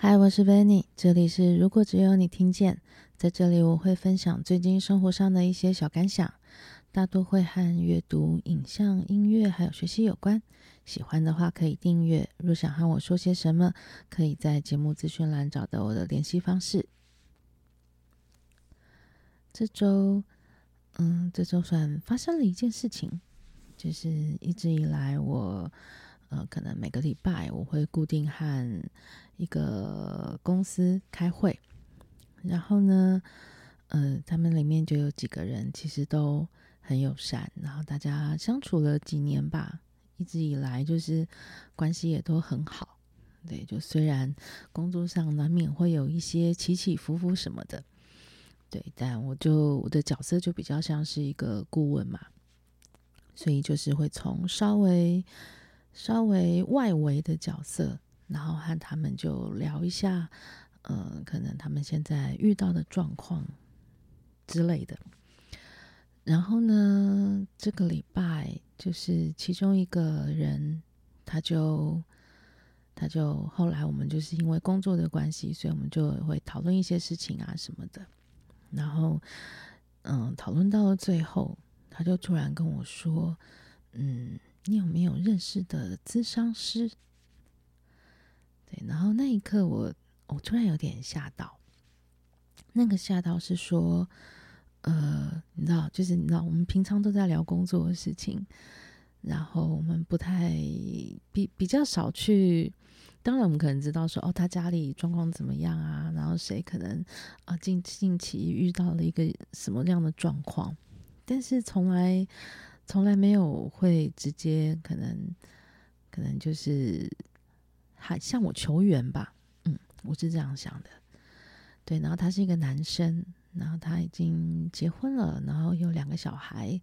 嗨，我是 Vanny，這裡是如果只有你聽見。在這裡，我會分享最近生活上的一些小感想，大多會和閱讀、影像、音樂還有學習有關。喜歡的話可以訂閱。如果想和我說些什麼，可以在節目資訊欄找到我的聯繫方式。這週，嗯，這週算發生了一件事情，就是一直以來我。呃，可能每個禮拜我會固定和一個公司開會，然後呢，呃，他們裡面就有幾個人其實都很友善，然後大家相處了幾年吧，一直以來就是關係也都很好。對，就雖然工作上難免會有一些起起伏伏什麼的，對，但我就我的角色就比較像是一個顧問嘛，所以就是會從稍微。稍微外圍的角色，然後和他們就聊一下，嗯，可能他們現在遇到的狀況之類的。然後呢，這個禮拜就是其中一個人，他就他就後來我們就是因為工作的關係，所以我們就會討論一些事情啊什麼的。然後，嗯，討論到了最後，他就突然跟我說，嗯。你有沒有認識的諮商師？對，然後那一刻我，我我突然有點嚇到。那個嚇到是說，呃，你知道，就是你知道，我們平常都在聊工作的事情，然後我們不太比比較少去。當然，我們可能知道說，哦，他家裡狀況怎麼樣啊？然後誰可能啊近近期遇到了一個什麼樣的狀況？但是從來。從來沒有會直接可能可能就是還向我求援吧，嗯，我是這樣想的。對，然後他是一個男生，然後他已經結婚了，然後有兩個小孩。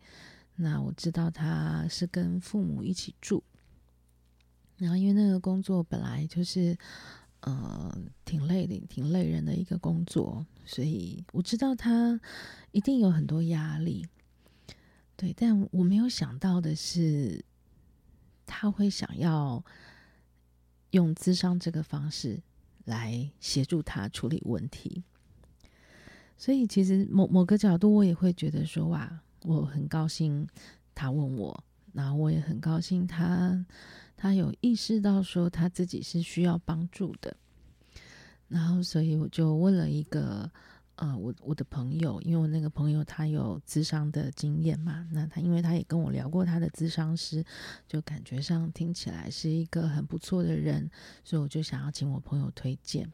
那我知道他是跟父母一起住，然後因為那個工作本來就是呃挺累的、挺累人的一個工作，所以我知道他一定有很多壓力。對，但我沒有想到的是，他會想要用諮商這個方式來協助他處理問題。所以，其實某某個角度，我也會覺得說、啊，哇，我很高興他問我，然後我也很高興他他有意識到說他自己是需要幫助的。然後，所以我就問了一個。呃，我我的朋友，因為我那個朋友他有諮商的經驗嘛，那他因為他也跟我聊過他的諮商師，就感覺上聽起來是一個很不錯的人，所以我就想要請我朋友推薦，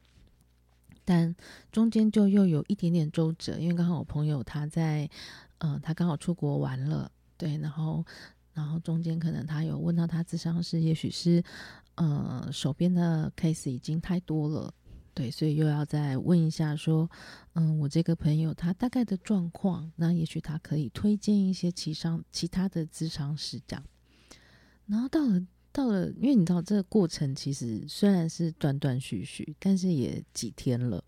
但中間就又有一點點周折，因為剛好我朋友他在，呃，他剛好出國玩了，對，然後然後中間可能他有問到他諮商師，也許是呃手邊的 case 已經太多了。對，所以又要再問一下，說，嗯，我這個朋友他大概的狀況，那也許他可以推薦一些其他其他的諮商師這樣。然後到了到了，因為你知道這個過程其實雖然是斷斷續續，但是也幾天了。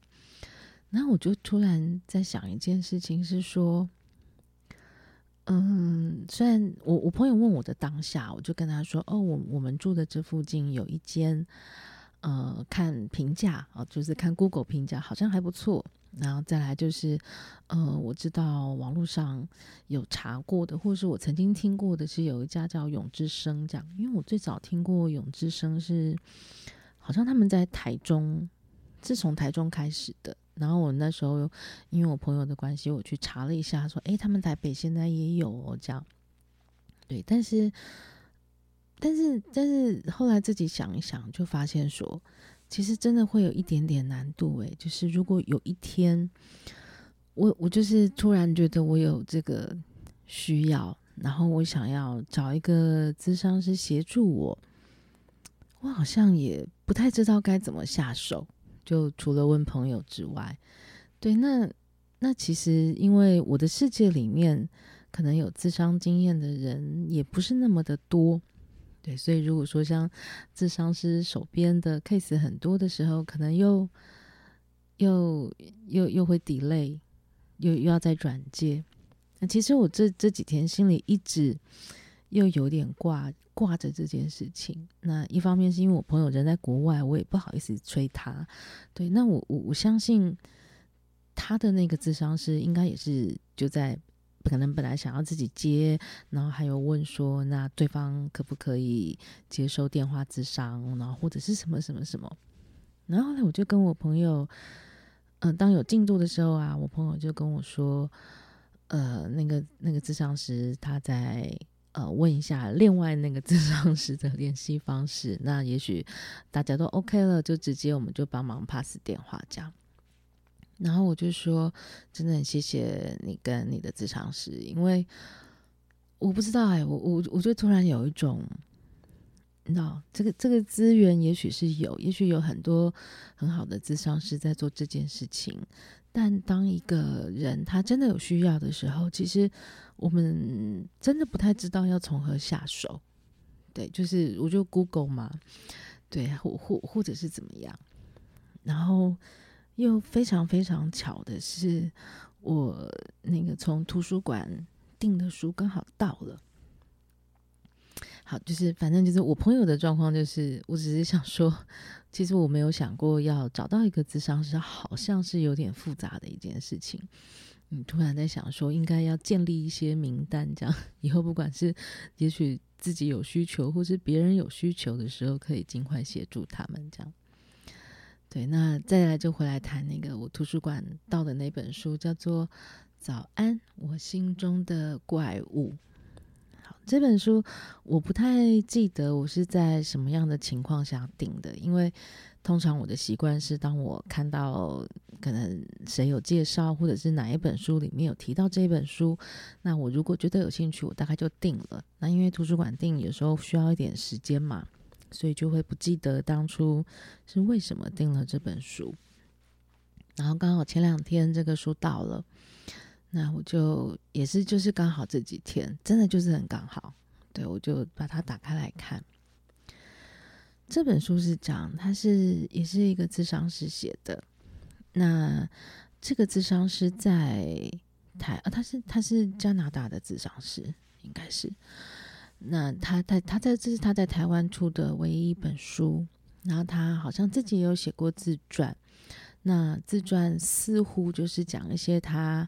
然後我就突然在想一件事情，是說，嗯，雖然我我朋友問我的當下，我就跟他說，哦，我我們住的這附近有一間。呃，看評價啊、呃，就是看 Google 評價，好像還不錯。然後再來就是，呃，我知道網絡上有查過的，或是我曾經聽過的是有一家叫永之聲這樣。因為我最早聽過永之聲是好像他們在台中，是從台中開始的。然後我那時候因為我朋友的關係，我去查了一下，他說，誒，他們台北現在也有、哦、這樣。對，但是。但是，但是後來自己想一想，就發現說，其實真的會有一點點難度，欸。誒，就是如果有一天，我我就是突然覺得我有這個需要，然後我想要找一個諮商師協助我，我好像也不太知道該怎麼下手。就除了問朋友之外，對，那那其實因為我的世界裡面，可能有諮商經驗的人也不是那麼的多。對，所以如果說像諮商師手邊的 case 很多的時候，可能又又又又會 delay，又又要再轉介。那其實我這這幾天心裡一直又有點掛掛着這件事情。那一方面是因為我朋友人在國外，我也不好意思催他。對，那我我我相信他的那個諮商師應該也是就在。可能本來想要自己接，然後還有問說，那對方可不可以接受電話諮商？然後或者是什麼什麼什麼。然後呢，我就跟我朋友，呃，當有進度的時候啊，我朋友就跟我說，呃，那個那個諮商師他在呃問一下另外那個諮商師的聯繫方式，那也許大家都 OK 了，就直接我們就幫忙 pass 電話這樣。然後我就說，真的很謝謝你跟你的諮商師，因為我不知道哎、欸，我我我就突然有一種，你知道，這個這個資源也許是有，也許有很多很好的諮商師在做這件事情，但當一個人他真的有需要的時候，其實我們真的不太知道要從何下手。對，就是我就 Google 嘛，對，或或或者是怎麼樣，然後。又非常非常巧的是，我那個從圖書館訂的書剛好到了。好，就是反正就是我朋友的狀況，就是我只是想說，其實我沒有想過要找到一個諮商師好像是有點複雜的一件事情。嗯，突然在想說，應該要建立一些名單，這樣以後不管是也許自己有需求，或是別人有需求的時候，可以儘快協助他們這樣。對，那再來就回來談那個我圖書館到的那本書，叫做《早安，我心中的怪物》。好，這本書我不太記得我是在什麼樣的情況下訂的，因為通常我的習慣是，當我看到可能誰有介紹，或者是哪一本書裡面有提到這本書，那我如果覺得有興趣，我大概就訂了。那因為圖書館訂有時候需要一點時間嘛。所以就會不記得當初是為什麼訂了這本書。然後剛好前兩天這個書到了，那我就也是就是剛好這幾天，真的就是很剛好，對，我就把它打開來看。這本書是這樣，它是也是一個諮商師寫的。那這個諮商師在台啊，他是他是加拿大的諮商師，應該是。那他在他在這是他在台灣出的唯一一本書，然後他好像自己也有寫過自傳，那自傳似乎就是講一些他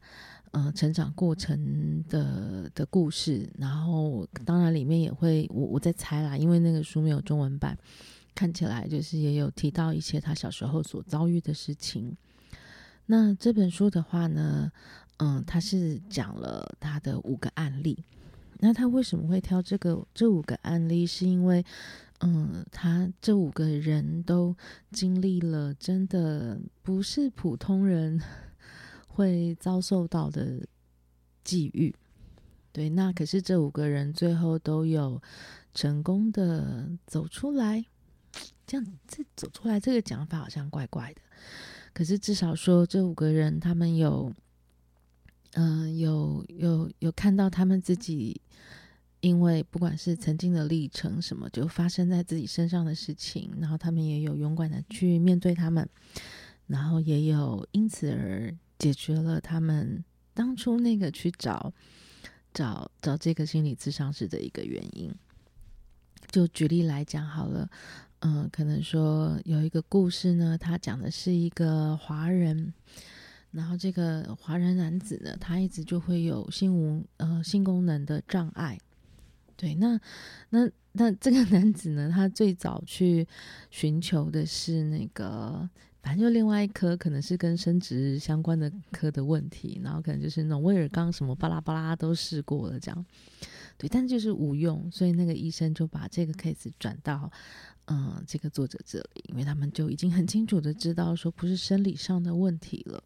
呃成長過程的的故事，然後當然裡面也會我我在猜啦，因為那個書沒有中文版，看起來就是也有提到一些他小時候所遭遇的事情。那這本書的話呢，嗯、呃，他是講了他的五個案例。那他為什麼會挑這個這五個案例？是因為，嗯，他這五個人都經歷了真的不是普通人會遭受到的際遇，對。那可是這五個人最後都有成功的走出來，這樣，這走出來這個講法好像怪怪的。可是至少說，這五個人他們有。嗯、呃，有有有看到他們自己，因為不管是曾經的歷程什麼，就發生在自己身上的事情，然後他們也有勇敢的去面對他們，然後也有因此而解決了他們當初那個去找找找這個心理諮商師的一個原因。就舉例來講好了，嗯、呃，可能說有一個故事呢，他講的是一個華人。然後這個華人男子呢，他一直就會有性無呃性功能的障礙。對，那那那這個男子呢，他最早去尋求的是那個，反正就另外一科，可能是跟生殖相關的科的問題，然後可能就是那種威爾剛什麼巴拉巴拉都試過了，這樣，對，但是就是無用，所以那個醫生就把這個 case 轉到嗯、呃、這個作者這裡，因為他們就已經很清楚地知道說不是生理上的問題了。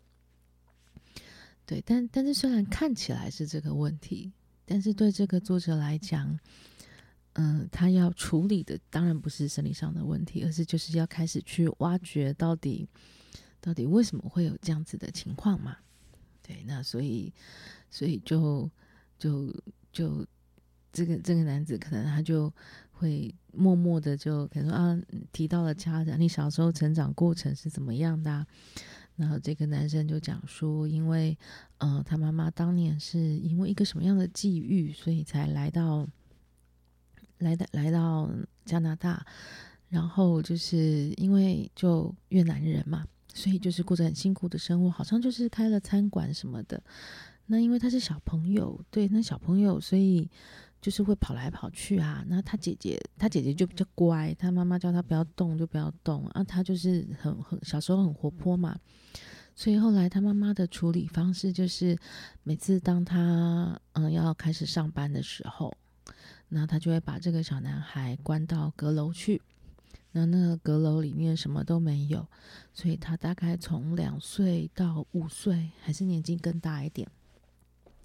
對，但但是雖然看起來是這個問題，但是對這個作者來講，嗯、呃，他要處理的當然不是生理上的問題，而是就是要開始去挖掘到底，到底為什麼會有這樣子的情況嘛？對，那所以，所以就就就，就這個這個男子可能他就會默默的就可能說啊，提到了家長，你小時候成長過程是怎麼樣的啊？然後這個男生就講說，因為，呃，他媽媽當年是因為一個什麼樣的際遇，所以才來到，來，來到加拿大，然後就是因為就越南人嘛，所以就是過着很辛苦的生活，好像就是開了餐館什麼的。那因為他是小朋友，對，那小朋友所以。就是會跑來跑去啊，那他姐姐，他姐姐就比較乖，他媽媽叫他不要動就不要動，啊。他就是很很小時候很活潑嘛，所以後來他媽媽的處理方式就是，每次當他嗯要開始上班的時候，那他就會把這個小男孩關到閣樓去，那那個閣樓裡面什麼都沒有，所以他大概從兩歲到五歲，還是年紀更大一點，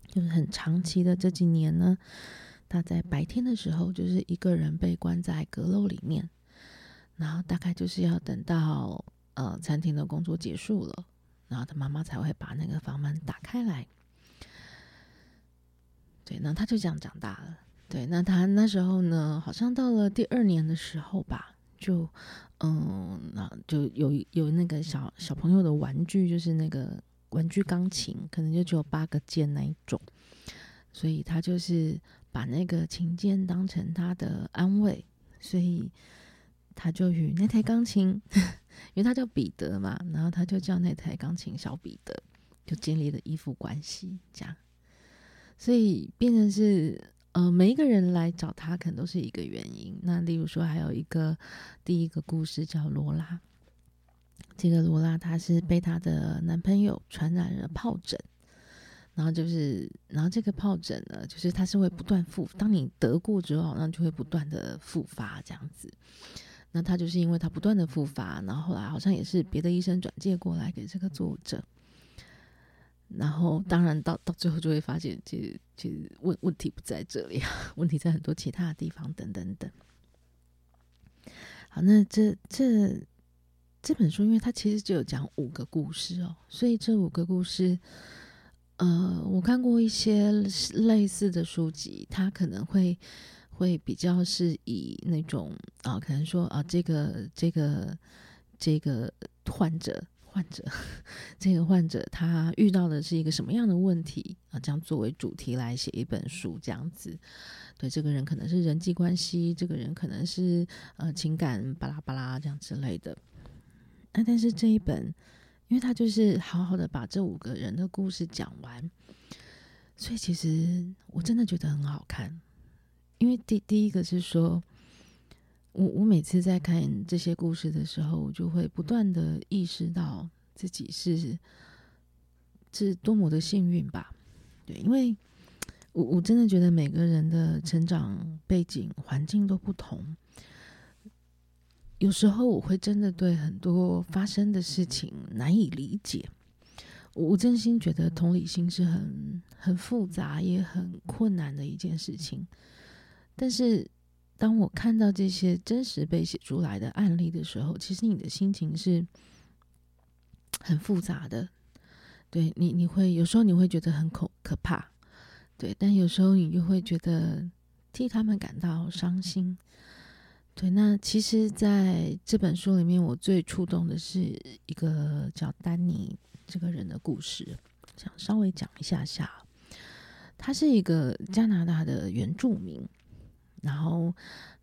就是很長期的這幾年呢。他在白天的時候，就是一個人被關在閣樓裡面，然後大概就是要等到呃餐廳的工作結束了，然後他媽媽才會把那個房門打開來。對，那他就這樣長大了。對，那他那時候呢，好像到了第二年的時候吧，就嗯，那就有有那個小小朋友的玩具，就是那個玩具鋼琴，可能就只有八個鍵那一種，所以他就是。把那個琴鍵當成他的安慰，所以他就與那台鋼琴，因為他叫彼得嘛，然後他就叫那台鋼琴小彼得，就建立了依附關係這樣。所以變成是呃，每一個人來找他，可能都是一個原因。那例如說，還有一個第一個故事叫羅拉，這個羅拉她是被她的男朋友傳染了疱疹。然後就是，然後這個皰疹呢，就是它是會不斷複，當你得過之後，好像就會不斷的復發這樣子。那他就是因為他不斷的復發，然後，後來好像也是別的醫生轉介過來給這個作者。然後當然到到最後就會發現，其實其實問問題不在這裡啊，問題在很多其他的地方等等等。好，那這這這本書，因為它其實就有講五個故事哦，所以這五個故事。呃，我看過一些類似的書籍，他可能會會比較是以那種啊、呃，可能說啊、呃，這個這個這個患者患者呵呵，這個患者他遇到的是一個什麼樣的問題啊、呃，這樣作為主題來寫一本書這樣子。對，這個人可能是人際關係，這個人可能是呃情感巴拉巴拉這樣之類的。那、呃、但是這一本。因為他就是好好的把這五個人的故事講完，所以其實我真的覺得很好看。因為第第一個是說，我我每次在看這些故事的時候，我就會不斷的意識到自己是是多麼的幸運吧？對，因為我我真的覺得每個人的成長背景環境都不同。有時候我會真的對很多發生的事情難以理解。我真心覺得同理心是很很複雜也很困難的一件事情。但是當我看到這些真實被寫出來的案例的時候，其實你的心情是很複雜的。對，你，你會有時候你會覺得很可怕，對，但有時候你又會覺得替他們感到傷心。對，那其實在這本書裡面，我最觸動的是一個叫丹尼這個人的故事，想稍微講一下下。他是一個加拿大的原住民，然後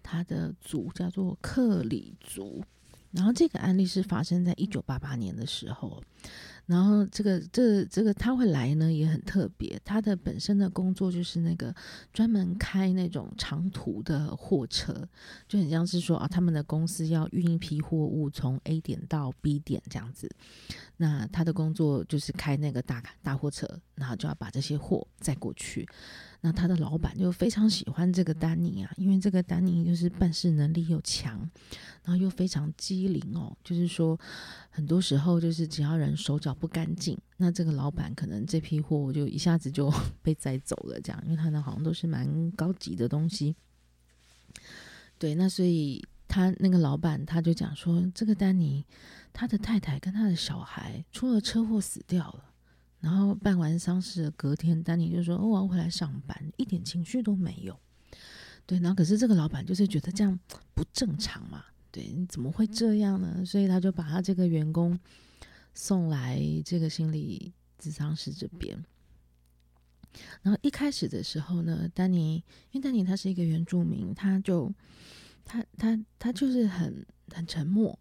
他的族叫做克里族，然後這個案例是發生在一九八八年的時候。然後這個這個、這個他會來呢，也很特別。他的本身的工作就是那個專門開那種長途的貨車，就很像是說啊，他們的公司要運一批貨物從 A 點到 B 點這樣子。那他的工作就是開那個大卡大貨車，然後就要把這些貨載過去。那他的老闆就非常喜歡這個丹尼啊，因為這個丹尼就是辦事能力又強，然後又非常機靈哦。就是說，很多時候就是只要人手腳不乾淨，那這個老闆可能這批貨就一下子就 被載走了。這樣，因為他呢好像都是蠻高級的東西。對，那所以他那個老闆他就講說，這個丹尼。他的太太跟他的小孩出了車禍死掉了，然後辦完喪事隔天，丹尼就說：“哦，我要回來上班，一點情緒都沒有。”對，然後可是這個老闆就是覺得這樣不正常嘛，對，你怎麼會這樣呢？所以他就把他這個員工送來這個心理諮商室這邊。然後一開始的時候呢，丹尼因為丹尼他是一個原住民，他就他他他就是很很沉默。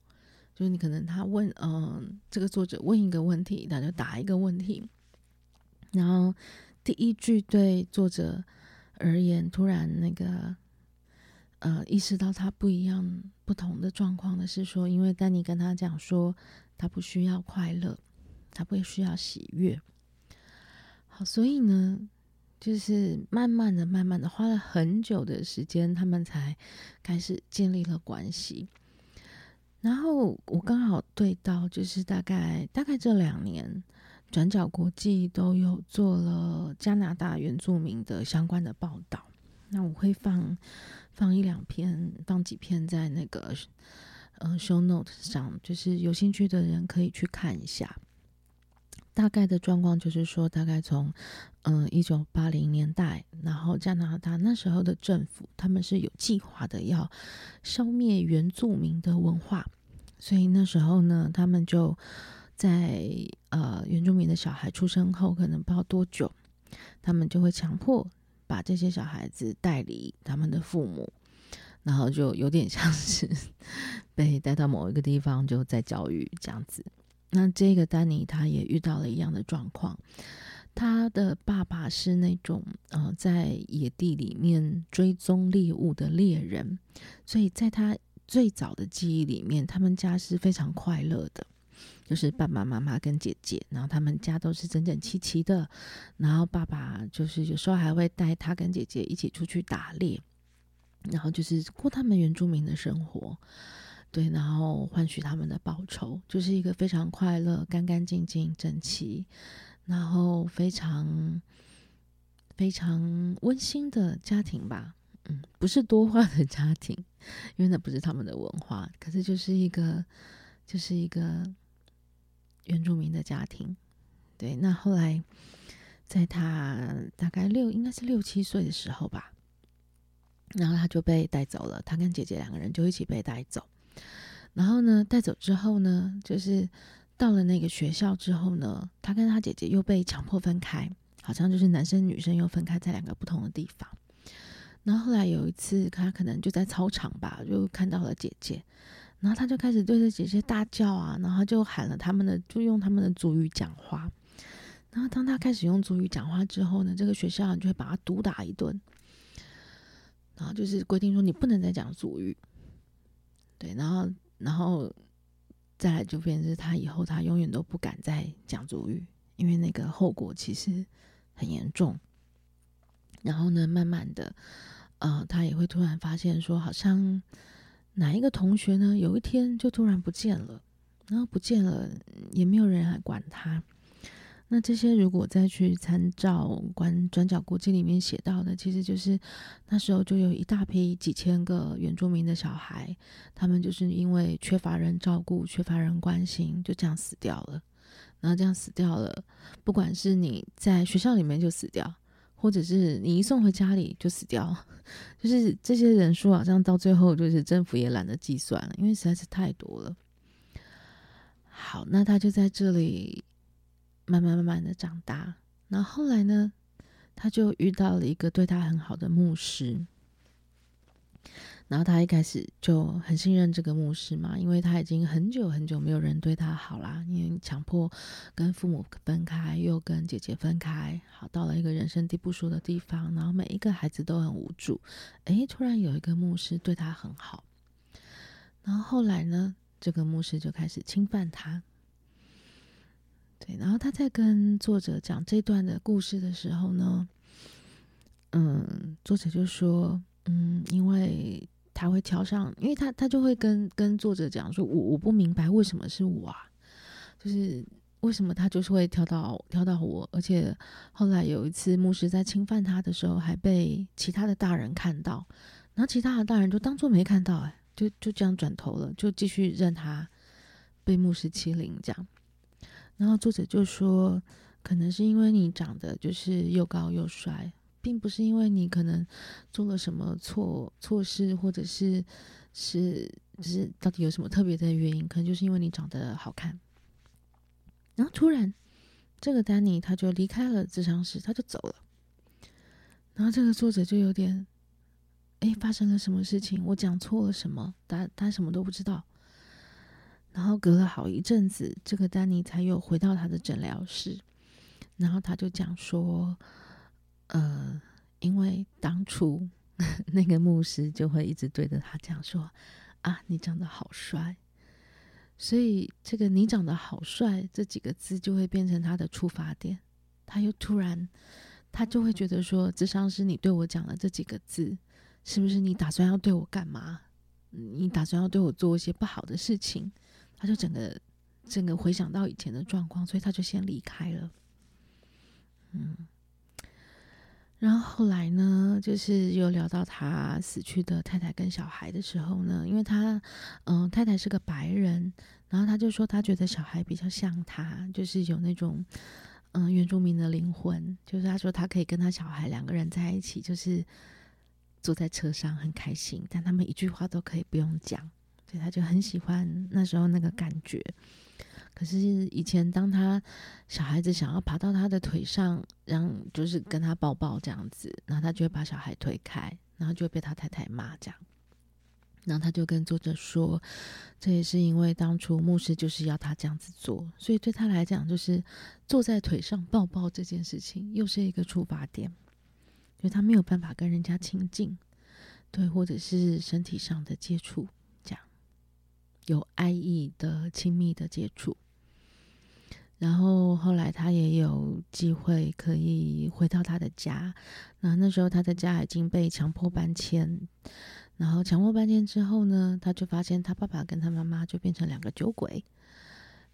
就是你可能他問，嗯、呃，這個作者問一個問題，他就答一個問題。然後第一句對作者而言，突然那個呃意識到他不一樣、不同的狀況的是說，因為丹尼跟他講說，他不需要快樂，他不需要喜悅。好，所以呢，就是慢慢的、慢慢的，花了很久的時間，他們才開始建立了關係。然後我剛好對到，就是大概大概這兩年，轉角國際都有做了加拿大原住民的相關的報道，那我會放放一兩篇，放幾篇在那個呃 show note 上，就是有興趣的人可以去看一下。大概的狀況就是說，大概從嗯一九八零年代，然後加拿大那時候的政府，他們是有計劃的要消滅原住民的文化，所以那時候呢，他們就在呃原住民的小孩出生後，可能不知道多久，他們就會強迫把這些小孩子帶離他們的父母，然後就有點像是被帶到某一個地方，就在教育這樣子。那這個丹尼他也遇到了一樣的狀況，他的爸爸是那種呃在野地裡面追蹤獵物的獵人，所以在他最早的記憶裡面，他們家是非常快樂的，就是爸爸媽媽跟姐姐，然後他們家都是整整齊齊的，然後爸爸就是有時候還會帶他跟姐姐一起出去打獵，然後就是過他們原住民的生活。對，然後換取他們的報酬，就是一個非常快樂、乾乾淨淨、整齊，然後非常非常溫馨的家庭吧。嗯，不是多話的家庭，因為那不是他們的文化。可是就是一個就是一個原住民的家庭。對，那後來在他大概六，應該是六七歲的時候吧，然後他就被帶走了，他跟姐姐兩個人就一起被帶走。然後呢，帶走之後呢，就是到了那個學校之後呢，他跟他姐姐又被強迫分開，好像就是男生女生又分開在兩個不同的地方。然後後來有一次，他可能就在操場吧，就看到了姐姐，然後他就開始對着姐姐大叫啊，然後就喊了他們的，就用他們的族語講話。然後當他開始用族語講話之後呢，這個學校就會把他毒打一頓，然後就是規定說你不能再講族語，對，然後。然後再來就變成他以後他永遠都不敢再講族語，因為那個後果其實很嚴重。然後呢，慢慢的，呃，他也會突然發現說，好像哪一個同學呢，有一天就突然不見了，然後不見了也沒有人來管他。那這些如果再去參照關《轉角國際》裡面寫到的，其實就是那時候就有一大批幾千個原住民的小孩，他們就是因為缺乏人照顧、缺乏人關心，就這樣死掉了。然後這樣死掉了，不管是你在學校裡面就死掉，或者是你一送回家裡就死掉，就是這些人數好像到最後就是政府也懶得計算了，因為實在是太多了。好，那他就在這裡。慢慢慢慢的長大，然後後來呢，他就遇到了一個對他很好的牧師，然後他一開始就很信任這個牧師嘛，因為他已經很久很久沒有人對他好啦，因為強迫跟父母分開，又跟姐姐分開，好，到了一個人生地不熟的地方，然後每一個孩子都很無助，哎，突然有一個牧師對他很好，然後後來呢，這個牧師就開始侵犯他。對，然後他在跟作者講這段的故事的時候呢，嗯，作者就說，嗯，因為他會挑上，因為他他就會跟跟作者講說，我我不明白為什麼是我啊，就是為什麼他就是會挑到挑到我，而且後來有一次牧師在侵犯他的時候，還被其他的大人看到，然後其他的大人就當做沒看到、欸，哎，就就這樣轉頭了，就繼續任他被牧師欺凌這樣。然後作者就說，可能是因為你長得就是又高又帥，並不是因為你可能做了什麼錯錯事，或者是是是到底有什麼特別的原因，可能就是因為你長得好看。然後突然，這個丹尼他就離開了諮商室，他就走了。然後這個作者就有點，哎，發生了什麼事情？我講錯了什麼？他他什麼都不知道。然後隔了好一陣子，這個丹尼才又回到他的診療室，然後他就講說：“呃，因為當初那個牧師就會一直對着他講說啊，你長得好帥，所以這個‘你長得好帥’這幾個字就會變成他的觸發點。他又突然，他就會覺得說，諮商師你對我講了這幾個字，是不是你打算要對我幹嘛？你打算要對我做一些不好的事情？”他就整個整個回想到以前的狀況，所以他就先離開了。嗯，然後後來呢，就是有聊到他死去的太太跟小孩的時候呢，因為他嗯、呃，太太是個白人，然後他就說他覺得小孩比較像他，就是有那種嗯、呃、原住民的靈魂。就是他說他可以跟他小孩兩個人在一起，就是坐在車上很開心，但他們一句話都可以不用講。所以他就很喜歡那時候那個感覺。可是以前，當他小孩子想要爬到他的腿上，然後就是跟他抱抱這樣子，然後他就會把小孩推開，然後就會被他太太罵這樣。然後他就跟作者說，這也是因為當初牧師就是要他這樣子做，所以對他來講，就是坐在腿上抱抱這件事情又是一個出發點，因為他沒有辦法跟人家親近，對，或者是身體上的接觸。有愛意的、親密的接觸，然後後來他也有機會可以回到他的家。那那時候他的家已經被強迫搬遷，然後強迫搬遷之後呢，他就發現他爸爸跟他媽媽就變成兩個酒鬼，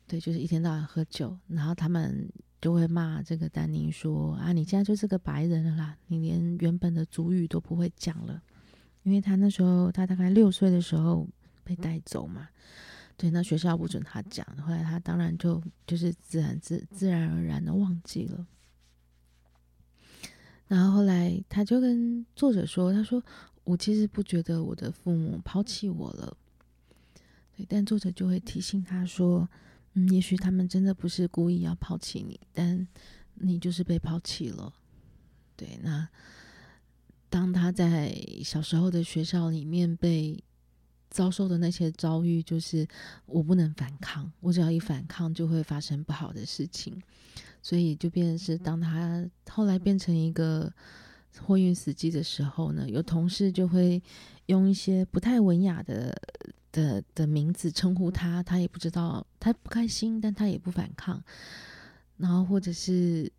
對，就是一天到晚喝酒。然後他們就會罵這個丹尼說：“啊，你現在就是個白人了啦，你連原本的族語都不會講了。”因為他那時候他大概六歲的時候，被帶走嘛？對，那學校不准他講。後來他當然就就是自然自自然而然的忘記了。然後後來他就跟作者說，他說：“我其實不覺得我的父母拋棄我了。”對，但作者就會提醒他說：“嗯，也許他們真的不是故意要拋棄你，但你就是被拋棄了。”對，那當他在小時候的學校裡面被。遭受的那些遭遇，就是我不能反抗，我只要一反抗就會發生不好的事情，所以就變成是，當他後來變成一個貨運司機的時候呢，有同事就會用一些不太文雅的的的名字稱呼他，他也不知道，他不開心，但他也不反抗，然後或者是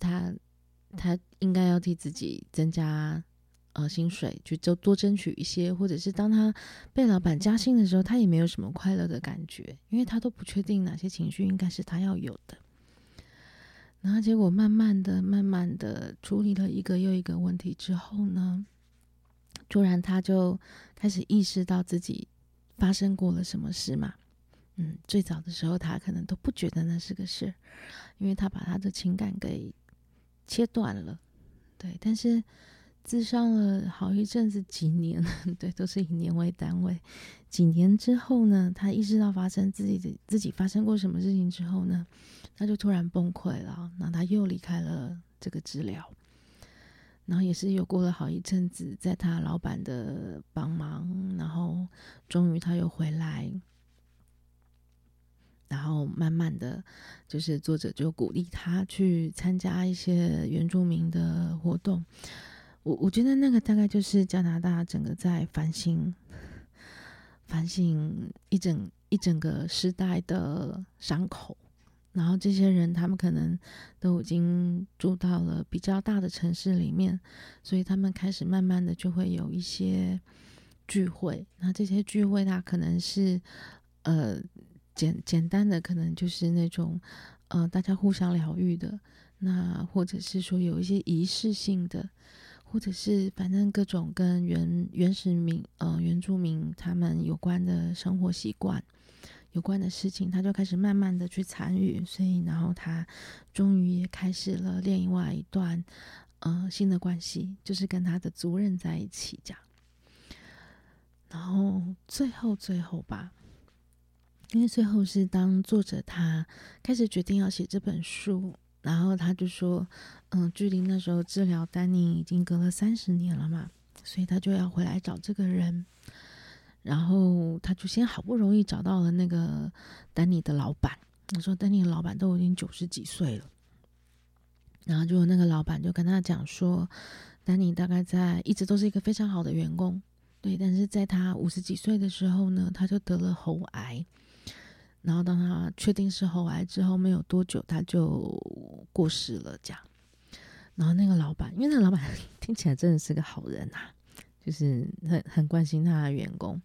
他他應該要替自己增加，呃，薪水就多多爭取一些，或者是當他被老闆加薪的時候，他也沒有什麼快樂的感覺，因為他都不確定哪些情緒應該是他要有的。然後結果慢慢的、慢慢的處理了一個又一個問題之後呢，突然他就開始意識到自己發生過了什麼事嘛。嗯，最早的時候他可能都不覺得那是個事，因為他把他的情感給切斷了，對，但是。自傷了好一陣子，幾年，對，都是以年為單位。幾年之後呢，他意識到發生自己的自己發生過什麼事情之後呢，他就突然崩潰了。然後他又離開了這個治療，然後也是又過了好一陣子，在他老闆的幫忙，然後終於他又回來，然後慢慢的，就是作者就鼓勵他去參加一些原住民的活動。我我覺得那個大概就是加拿大整個在反省，反省一整一整個時代的傷口，然後這些人他們可能都已經住到了比較大的城市裡面，所以他們開始慢慢的就會有一些聚會，那這些聚會它可能是呃簡簡單的，可能就是那種呃大家互相療癒的，那或者是說有一些儀式性的。或者是反正各種跟原原始民呃原住民他們有關的生活習慣有關的事情，他就開始慢慢的去參與，所以然後他終於也開始了另外一段呃新的關係，就是跟他的族人在一起這樣。然後最後最後吧，因爲最後是當作者他開始決定要寫這本書。然後他就說：“嗯，距離那時候治療丹尼已經隔了三十年了嘛，所以他就要回來找這個人。然後他就先好不容易找到了那個丹尼的老闆，我說丹尼的老闆都已經九十幾歲了。然後就那個老闆就跟他講說，丹尼大概在一直都是一個非常好的員工，對，但是在他五十幾歲的時候呢，他就得了喉癌。”然後當他確定是喉癌之後，沒有多久他就過世了。這樣，然後那個老闆，因為那個老闆聽起來真的是個好人啊，就是很很關心他的員工。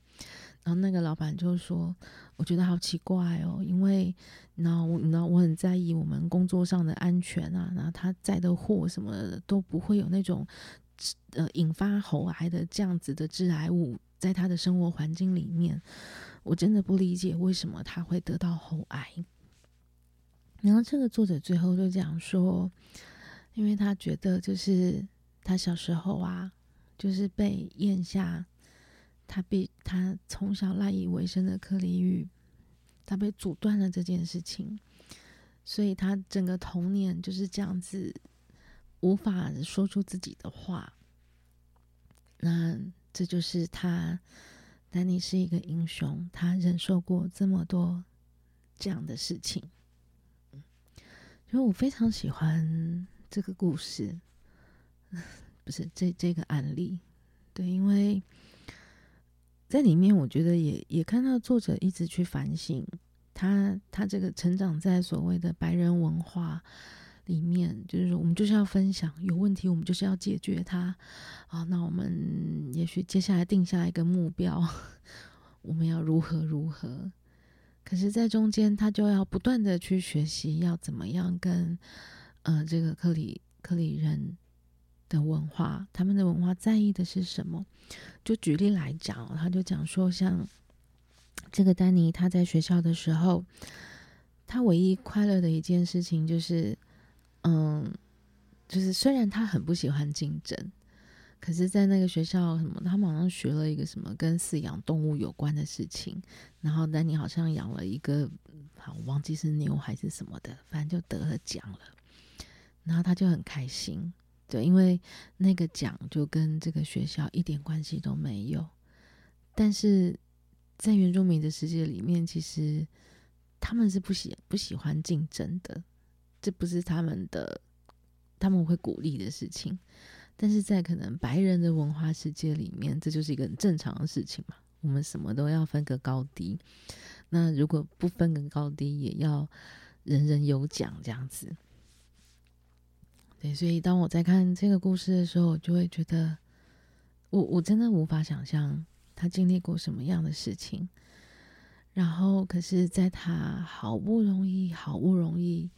然後那個老闆就說：“我覺得好奇怪哦，因為，然後，然後我很在意我們工作上的安全啊，然後他載的貨什麼的都不會有那種呃引發喉癌的這樣子的致癌物，在他的生活環境裡面。”我真的不理解為什麼他會得到喉癌。然後這個作者最後就講說，因為他覺得就是他小時候啊，就是被咽下他被他從小賴以為生的克里語，他被阻斷了這件事情，所以他整個童年就是這樣子，無法說出自己的話。那這就是他。丹尼是一個英雄，他忍受過這麼多這樣的事情，嗯，因為我非常喜歡這個故事，不是這這個案例，對，因為在裡面我覺得也也看到作者一直去反省他他這個成長在所謂的白人文化。裡面就是說，我們就是要分享有問題，我們就是要解決它。啊，那我們也許接下來定下一個目標，我們要如何如何？可是，在中間他就要不斷的去學習，要怎麼樣跟呃這個克里克里人的文化，他們的文化在意的是什麼？就舉例來講，他就講說，像這個丹尼他在學校的時候，他唯一快樂的一件事情就是。嗯，就是雖然他很不喜歡競爭，可是在那個學校什麼，他們好像學了一個什麼跟飼養動物有關的事情，然後丹尼好像養了一個，好，忘記是牛還是什麼的，反正就得了獎了，然後他就很開心，對，因為那個獎就跟這個學校一點關係都沒有，但是在原住民的世界裡面，其實他們是不喜不喜歡競爭的。這不是他們的，他們會鼓勵的事情。但是在可能白人的文化世界裡面，這就是一個很正常的事情嘛。我們什麼都要分個高低，那如果不分個高低，也要人人有獎這樣子。對，所以當我在看這個故事的時候，我就會覺得我，我我真的無法想象他經歷過什麼樣的事情。然後，可是在他好不容易，好不容易。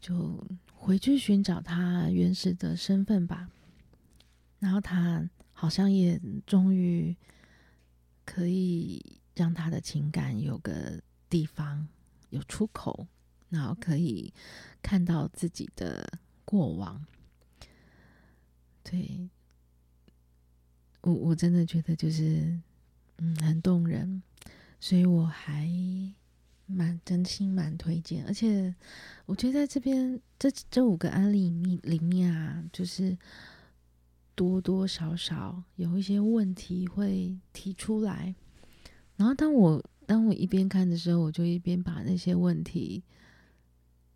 就回去尋找他原始的身份吧，然後他好像也終於可以讓他的情感有個地方，有出口，然後可以看到自己的過往。對，我我真的覺得就是嗯，很動人，所以我還。蠻真心，蠻推薦，而且我覺得在這邊這這五個案例裡裡面啊，就是多多少少有一些問題會提出來，然後當我當我一邊看的時候，我就一邊把那些問題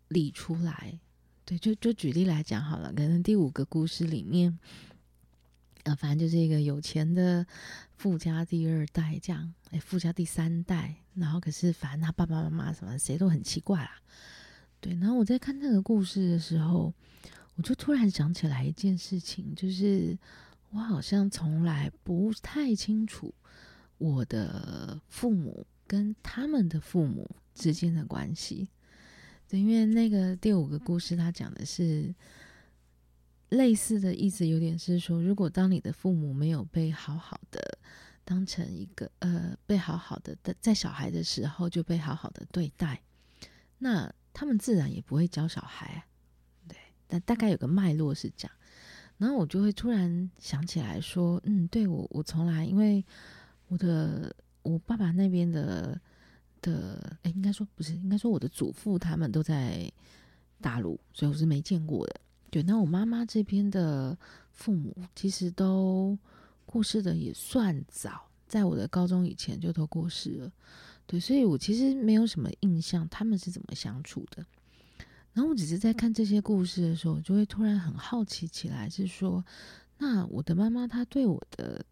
理出來。對，就就舉例來講好了，可能第五個故事裡面。呃，反正就是一個有錢的富家第二代，這樣，誒，富家第三代，然後可是反正他爸爸媽媽什麼，誰都很奇怪啦，對。然後我在看那個故事的時候，我就突然想起來一件事情，就是我好像從來不太清楚我的父母跟他們的父母之間的關係。對，因為那個第五個故事，他講的是。類似的意思有點是說，如果當你的父母沒有被好好的當成一個呃，被好好的在在小孩的時候就被好好的對待，那他們自然也不會教小孩啊。對，但大概有個脈絡是這樣。然後我就會突然想起來說，嗯，對我我從來因為我的我爸爸那邊的的，哎、欸，應該說不是，應該說我的祖父他們都在大陸，所以我是沒見過的。對，那我媽媽這邊的父母其實都過世的也算早，在我的高中以前就都過世了。對，所以我其實沒有什麼印象，他們是怎麼相處的。然後我只是在看這些故事的時候，我就會突然很好奇起來，是說，那我的媽媽她對我的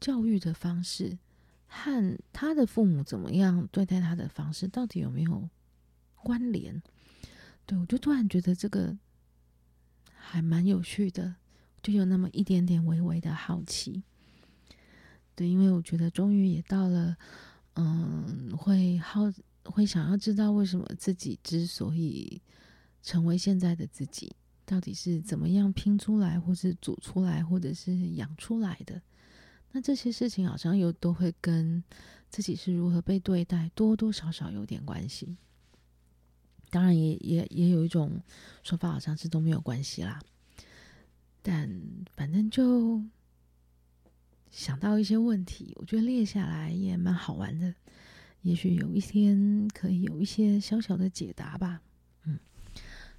教育的方式，和她的父母怎麼樣對待她的方式，到底有沒有關聯？對我就突然覺得這個。還蠻有趣的，就有那麼一點點微微的好奇。對，因為我覺得終於也到了，嗯，會好，會想要知道為什麼自己之所以成為現在的自己，到底是怎麼樣拼出來，或是組出來，或者是養出來的。那這些事情好像又都會跟自己是如何被對待，多多少少有點關係。當然也，也也也有一種說法，好像是都沒有關係啦。但反正就想到一些問題，我覺得列下來也蠻好玩的。也許有一天可以有一些小小的解答吧。嗯，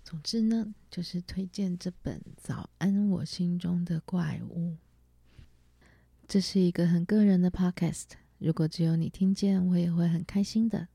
總之呢，就是推薦這本《早安，我心中的怪物》。這是一個很個人的 podcast，如果只有你聽見，我也會很開心的。